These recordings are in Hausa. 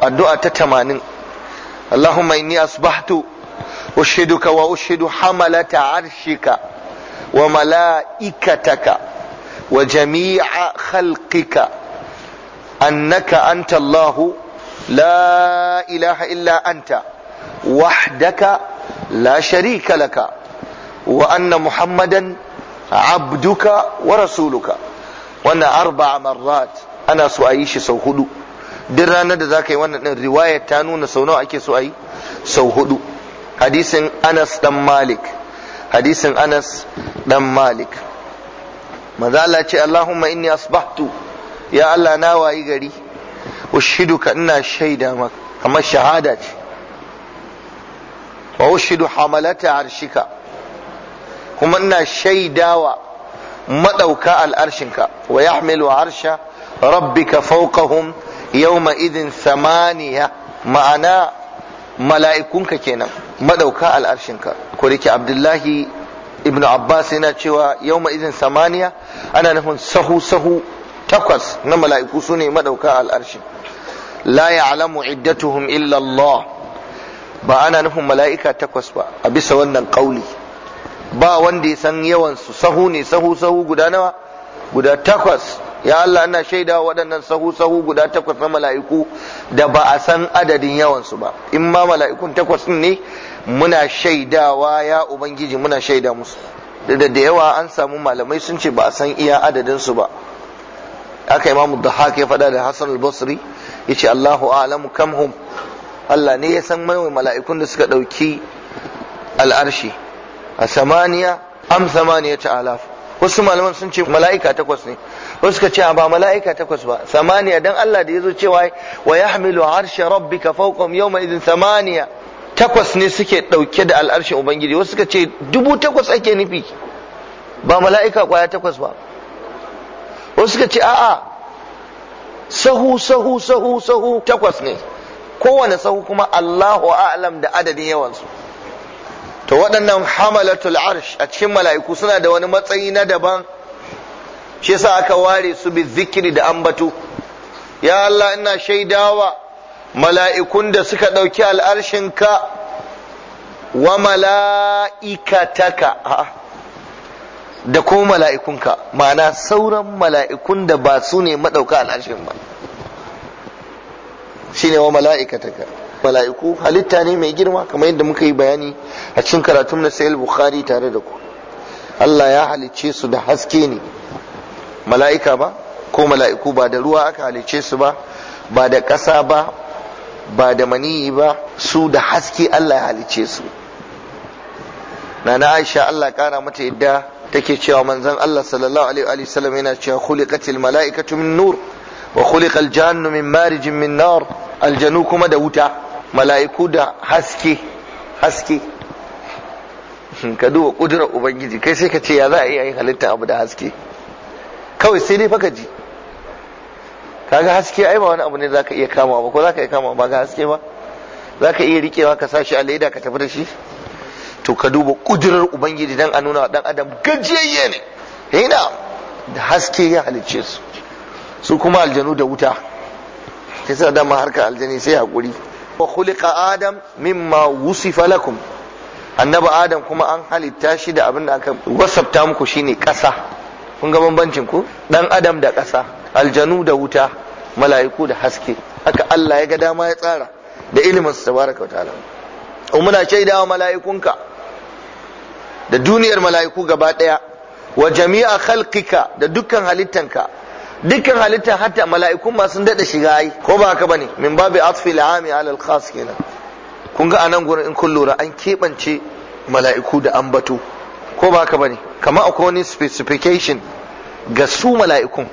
addu'a ta tamanin Allahumma inni asbahtu ushiduka wa ushidu hamalata arshika wa mala'ikataka wa jami'a khalqika annaka anta Allah la ilaha illa anta wahdaka la sharika laka wa anna muhammadan abduka wa rasuluka wannan arba'a marrat ana so a yi shi sau hudu duk ranar da zaka yi wannan din riwaya ta nuna sau nawa ake so ayi sau hudu hadisin Anas dan Malik hadisin Anas dan Malik manzo ce Allahumma inni asbahtu ya Allah na wayi gari Ushidu ka ina shaida maka amma shahada ce wa ushidu hamalata arshika kuma ina shaidawa madauka al'arshinka wa yahmilu arsha rabbika fawqahum yawma idin samaniya ma'ana mala'ikunka kenan madauka al'arshinka ko abdullahi ibnu abbas yana cewa yawma idin samaniya ana nufin sahu sahu takwas na mala'iku su ne madauka al'arshin la ya'lamu iddatuhum illa Allah ba ana nufin mala'ika takwas ba a bisa wannan kauli ba wanda ya san yawan su sahu ne sahu sahu guda nawa guda takwas ya Allah ina shaida waɗannan sahu sahu guda takwas na mala'iku da ba a san adadin yawansu ba in ma mala'ikun takwas ne muna shaidawa ya ubangiji muna shaida musu da da yawa an samu malamai sun ce ba a san iya adadinsu ba aka yi mamu da haka ya faɗa da Hassan al-Basri ya ce Allahu a'lamu kam hum Allah ne ya san mai mala'ikun da suka ɗauki al'arshi a samaniya am samaniya ta alaf wasu malaman sun ce mala'ika takwas ne wasu suka ce ba mala'ika takwas ba samaniya dan Allah da yazo cewa wa yahmilu arsha rabbika fawqahum yawma idhin samaniya takwas ne suke dauke da al'arshin ubangiji wasu suka ce dubu takwas ake nufi ba mala'ika kwaya takwas ba wasu suka ce a'a sahu sahu sahu sahu takwas ne kowane sahu kuma Allahu a'lam da adadin yawansu to waɗannan hamalatul arsh a cikin mala'iku suna da wani matsayi na daban shi yasa aka ware su bi zikiri da ambatu ya Allah ina shaidawa mala'ikun da suka ɗauki al'arshinka wa mala'ikataka da kuma mala'ikunka ma'ana sauran mala'ikun da ba su ne maɗauka al'arshin ba shi ne wa mala'ikataka mala'iku halitta ne mai girma kamar yadda muka yi bayani a cikin karatun na sayil bukhari tare da ku Allah ya halicce su da haske ne mala'ika ba ko mala'iku ba da ruwa aka halicce su ba ba da ƙasa ba ba da maniyi ba su da haske Allah ya halicce su nana Aisha Allah kara mata yadda take cewa manzon Allah sallallahu alaihi wa sallam yana cewa khuliqatil mala'ikatu min nur wa khuliqal jannu min marijin min nar aljanu kuma da wuta mala'iku da haske haske ka duba kudura ubangiji kai sai ka ce ya za a iya yin halitta abu da haske kawai sai dai ka ji kaga haske ai ba wani abu ne za ka iya kama ba ko za ka iya kama ba ga haske ba za ka iya rikewa ka sa shi a leda ka tafi da shi to ka duba kudurar ubangiji dan a nuna dan adam gajiyayye ne yana eh, da haske ya halicce su su kuma aljanu da wuta sai sa dama harkar aljani sai haƙuri. wa khuliqa adam mimma wusifa lakum annabi adam kuma an halitta shi da abin da aka wasafta muku shine ƙasa kun ga bambancin ku dan adam da ƙasa aljanu da wuta mala'iku da haske haka Allah ya ga dama ya tsara da ilimin sa tabaraka ta'ala ce shaidawa mala'ikunka da duniyar mala'iku gaba daya wa jami'a khalqika da dukkan halittanka dukkan halitta hatta mala'ikun ma sun dada shiga ai ko ba haka bane min babu atfi al'ami ala al-khas kenan kun ga anan gurin in kun lura an keɓance mala'iku da ambato ko ba haka bane kamar akwai wani specification ga su mala'ikun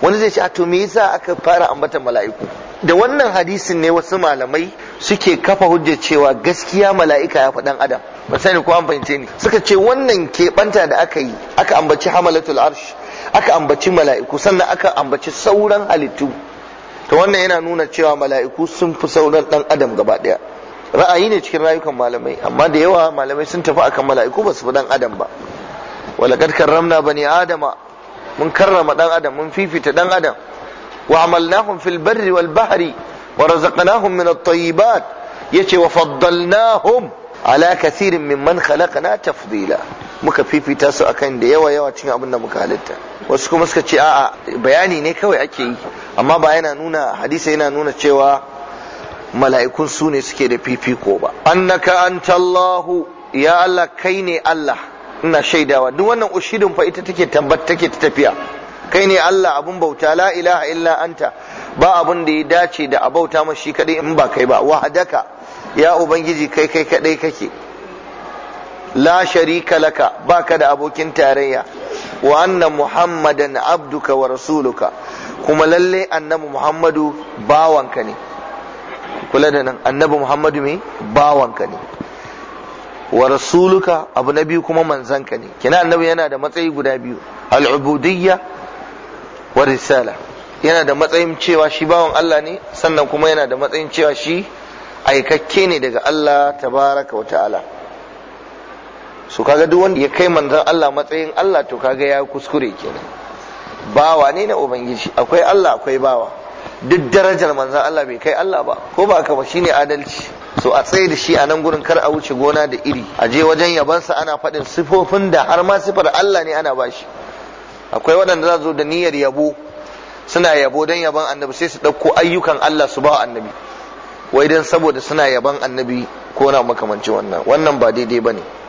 wani zai ce a to me yasa aka fara ambatan mala'iku da wannan hadisin ne wasu malamai suke kafa hujjar cewa gaskiya mala'ika ya faɗan adam ba sani ko an fahimce ni suka ce wannan keɓanta da aka yi aka ambaci hamalatul arsh aka ambaci mala'iku sannan aka ambaci sauran halittu to wannan yana nuna cewa mala'iku sun fi sauran dan adam gaba daya ra'ayi ne cikin rayukan malamai amma da yawa malamai sun tafi akan mala'iku ba su fi dan adam ba walaqad karramna bani adama mun karrama dan adam mun fifita dan adam wa amalnahum fil barri wal bahri wa razaqnahum min at-tayyibat yace wa faddalnahum ala kathirin mimman khalaqna tafdila muka fifita su akan da yawa yawa cin abin da muka halitta wasu kuma suka ce a'a bayani ne kawai ake yi amma ba yana nuna hadisa yana nuna cewa mala'ikun su ne suke da fifiko ba annaka Allahu ya Allah kai ne Allah ina shaidawa duk wannan ushidin fa ita take tabbata take ta tafiya kai ne Allah abun bauta la ilaha illa anta ba abun da ya dace da abauta mashi kadai in ba kai ba wahadaka ya ubangiji kai kai kadai kake la sharika laka baka da abokin tarayya wa anna muhammadan abduka wa rasuluka kuma lalle annabi muhammadu bawanka ne kula da nan annabi muhammadu bawanka ne wa rasuluka abu na biyu kuma manzanka ne kina annabi yana da matsayi guda biyu al'ubudiyya wa risala yana da matsayin cewa shi bawan Allah ne sannan kuma yana da matsayin cewa shi aikakke ne daga Allah tabaraka wa ta'ala Su kaga duk wanda ya kai manzon Allah matsayin Allah to kaga ya kuskure kenan bawa ne na ubangiji akwai Allah akwai bawa duk darajar manzon Allah bai kai Allah ba ko ba haka ba shine adalci so a tsaye da shi a nan gurin kar a wuce gona da iri a je wajen yabansa ana faɗin sifofin da har ma sifar Allah ne ana bashi akwai waɗanda za zo da niyyar yabo suna yabo don yaban annabi sai su ɗauko ayyukan Allah su ba annabi wai don saboda suna yaban annabi ko na makamanci wannan wannan ba daidai ba ne